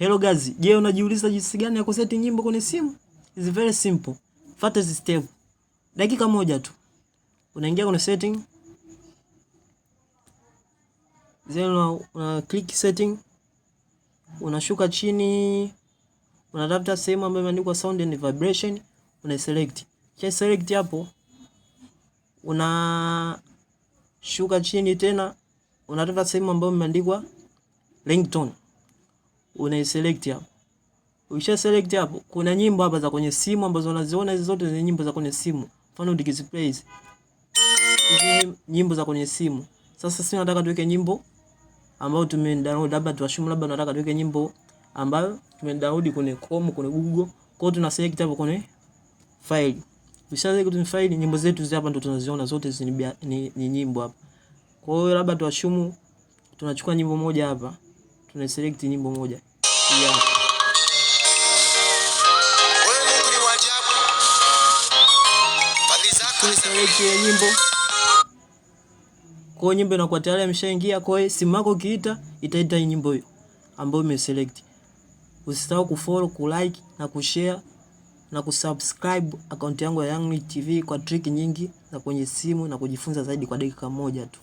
Hello guys, je, unajiuliza jinsi gani ya kuseti nyimbo kwenye simu? It's very simple. Fuata hizi step. Dakika moja tu. Unaingia kwenye setting. Then una click setting. Unashuka chini. Unatafuta sehemu ambayo imeandikwa sound and vibration, una select. Kisha select hapo. Una shuka chini tena. Unatafuta sehemu ambayo imeandikwa ringtone unaiselect hapo. Ukisha select hapo, kuna nyimbo hapa za kwenye simu ambazo unaziona hizo zote ni nyimbo za kwenye simu. Mfano ukidisplay hizi nyimbo za kwenye simu. Sasa sisi nataka tuweke nyimbo ambayo tumedownload, labda tuashumu, labda nataka tuweke nyimbo ambayo tumedownload kwenye Chrome, kwenye Google. Kwa hiyo tuna select hapo kwenye file. Ukisha select kwenye file, nyimbo zetu hizi hapa ndo tunaziona zote hizi ni, ni, ni nyimbo hapa. Kwa hiyo labda tuashumu tunachukua nyimbo moja hapa tunaiselect nyimbo moja yeah. Kwa nyimbo kwa nyimbo inakuwa tayari Kwa hiyo simu yako ikiita itaita nyimbo hiyo ambayo umeselect. Usisahau kufollow, kulike na kushare na kusubscribe akaunti yangu ya Young TV kwa trick nyingi za kwenye simu na kujifunza zaidi kwa dakika moja tu.